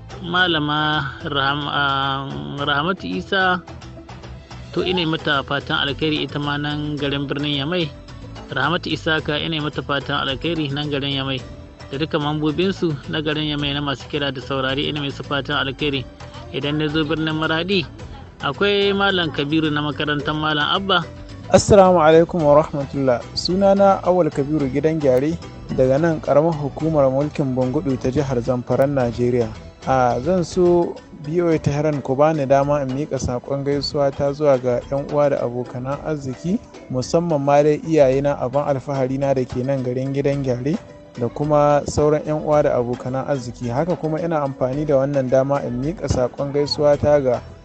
malama um, rahamatu isa to ina mata fatan alkhairi ita ma nan garin birnin yamai rahamatu isa ka ina mata fatan alkhairi nan garin yamai da duka mambobinsu na garin yamai na masu kira da saurari ina mai su fatan alkhairi idan na zo birnin maradi akwai malam kabiru na makarantar malam abba assalamu alaikum wa rahmatullah sunana awal kabiru gidan gyare daga nan karamar hukumar mulkin bangudu ta jihar zamfaran najeriya a zan so biyo ta heran ku bani dama in mika sakon gaisuwa ta zuwa ga 'yan uwa da abokanan arziki musamman ma dai iyayena abin alfahari na da ke nan garin gidan gyare da kuma sauran 'yan uwa da abokanan arziki haka kuma ina amfani da wannan dama in mika sakon gaisuwa ta ga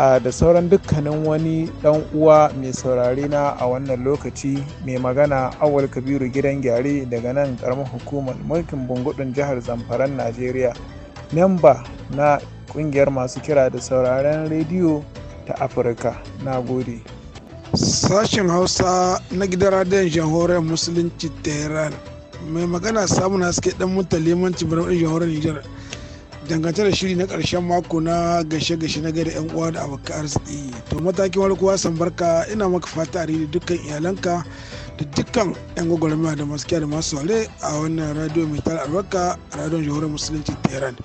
da sauran dukkanin wani dan uwa mai saurari na a wannan lokaci mai magana awal kabiru gidan gyare daga nan karamar hukumar mulkin bungudun jihar zamfaran najeriya memba na kungiyar masu kira da sauraren rediyo ta afirka na gode sashen hausa na gidan radiyon jamhuriyar musulunci tehran mai magana samun haske dan mutalimanci birnin jamhuriyar nijar dangance da shiri na karshen mako na gashe-gashe na gada 'yan uwa da abokan arziki to matakin wani kuwa san barka ina maka fata a da dukkan iyalanka da dukkan 'yan gwagwarmiya da masu da masu wale a wannan radio mai tara albarka a radiyon jihohar musulunci tehran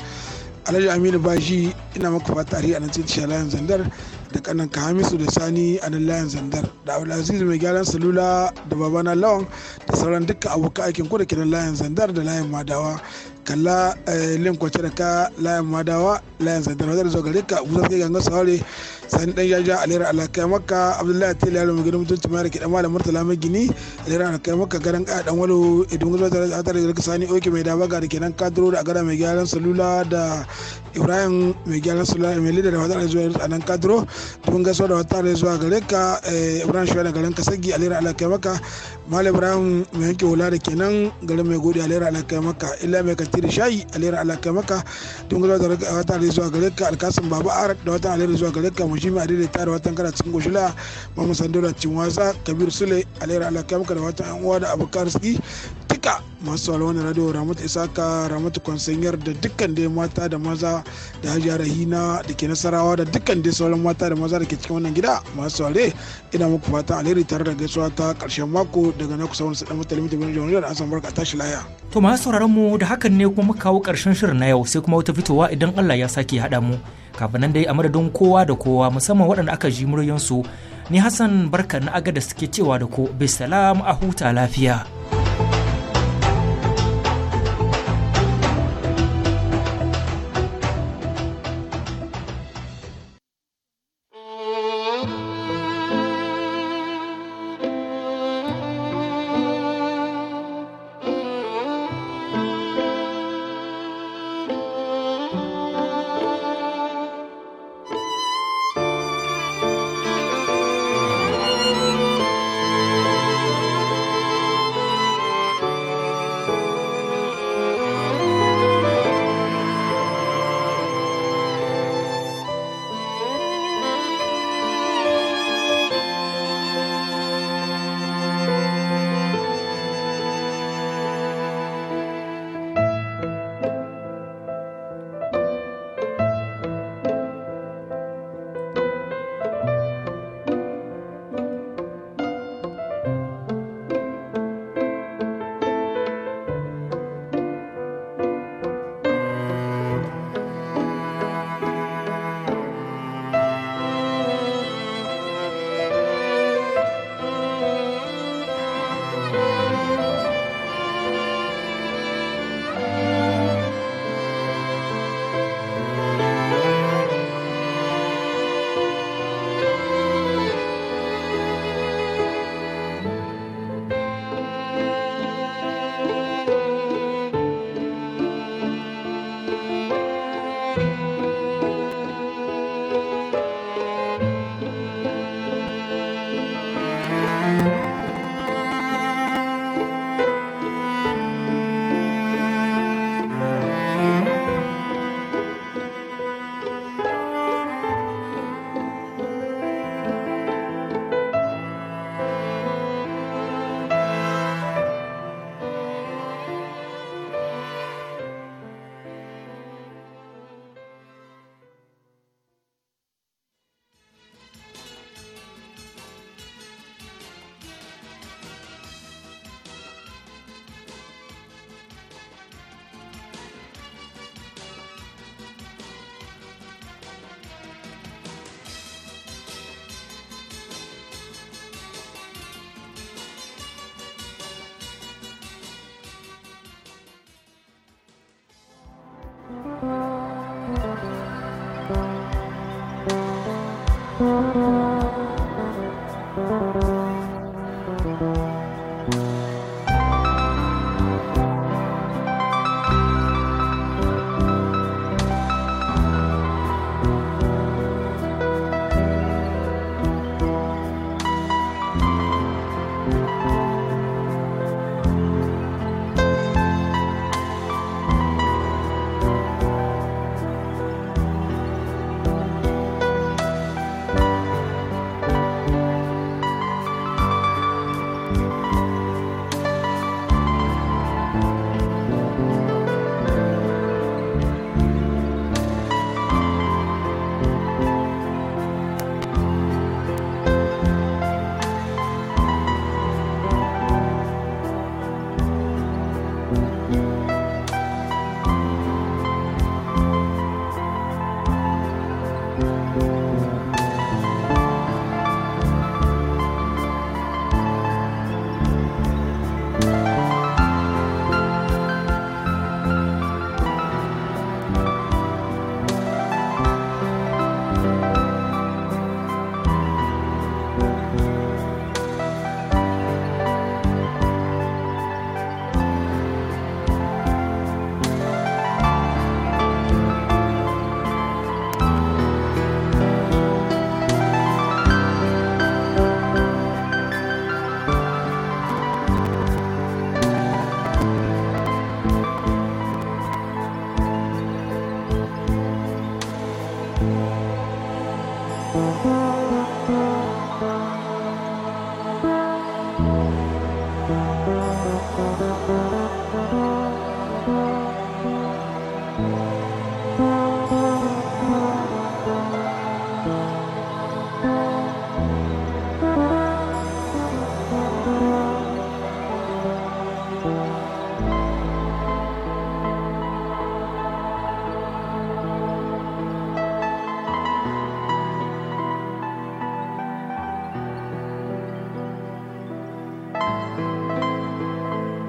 alhaji aminu Baji ina maka fata a nan cikin shalayen zandar da kanan ka hamisu da sani a nan layin zandar da abdulaziz mai gyaran salula da babana lawan da sauran duka abokan aikin ku da ke nan layin zandar da layin madawa kalla eh, link kwace da ka layin madawa layin zandar wadda da zo gare ka kusa sai ganga saurari sani dan jaja alera alakai maka abdullahi tele yaro mai gidan mutunci mara rike dan malam murtala mai gini alera alakai maka garan ka dan walo idan gudu da ta da sani oke mai dabaga da kenan kadro da gara mai gyaran salula da ibrahim mai gyaran salula mai lida da wata da zuwa a nan kadro tun gaso da wata da zuwa gare ka eh, ibrahim shawara garin kasagi alera alakai maka malam ibrahim mai yanke hula da kenan garin mai gode alera alakai maka illa mai da shayi alera alakai maka tun gaso da wata da zuwa gare ka alkasim baba arak da wata alera zuwa gare ka mushi mai adai da watan kana cikin goshila mamu sandola cin wasa kabir sule alayra alaka da watan yan uwa da abokan arziki duka masu sauraron wannan radio ramatu isaka ramatu kwansanyar da dukkan dai mata da maza da hajiya rahina da ke nasarawa da dukkan dai sauran mata da maza da ke cikin wannan gida masu saurare ina muku fatan alheri tare da gaisuwa ta karshen mako daga na kusa wani sadan mutane mutum da wani da asan barka tashi laya. to masu sauraron mu da hakan ne kuma kawo karshen shirin na yau sai kuma wata fitowa idan allah ya sake haɗa mu kafin nan dai a madadin kowa da kowa musamman waɗanda aka ji muryansu ni hassan barka na aga da suke cewa da ku bisalam a huta lafiya.